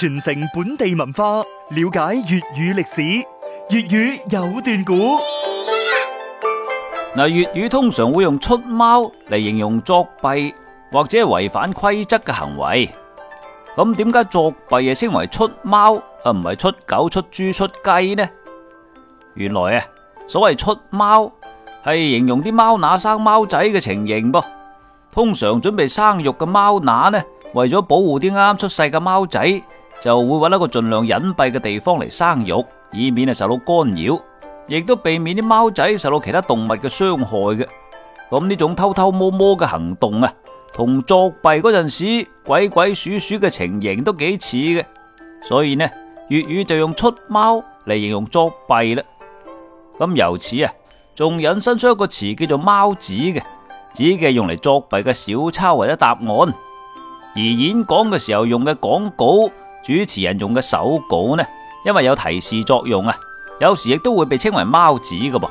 傳承本地文化，了解粵語歷史，粵語有段古。嗱，粵語通常會用出貓嚟形容作弊或者違反規則嘅行為。咁點解作弊又稱為出貓啊，唔係出狗、出豬、出雞呢？原來啊，所謂出貓係形容啲貓乸生貓仔嘅情形噃。通常準備生育嘅貓乸呢，為咗保護啲啱啱出世嘅貓仔。就會揾一個盡量隱蔽嘅地方嚟生育，以免啊受到干擾，亦都避免啲貓仔受到其他動物嘅傷害嘅。咁呢種偷偷摸摸嘅行動啊，同作弊嗰陣時鬼鬼祟祟嘅情形都幾似嘅。所以呢，粵語就用出貓嚟形容作弊啦。咁由此啊，仲引申出一個詞叫做貓紙嘅，指嘅用嚟作弊嘅小抄或者答案。而演講嘅時候用嘅講稿，主持人用嘅手稿呢，因為有提示作用啊，有時亦都會被稱為貓紙的」嘅噃。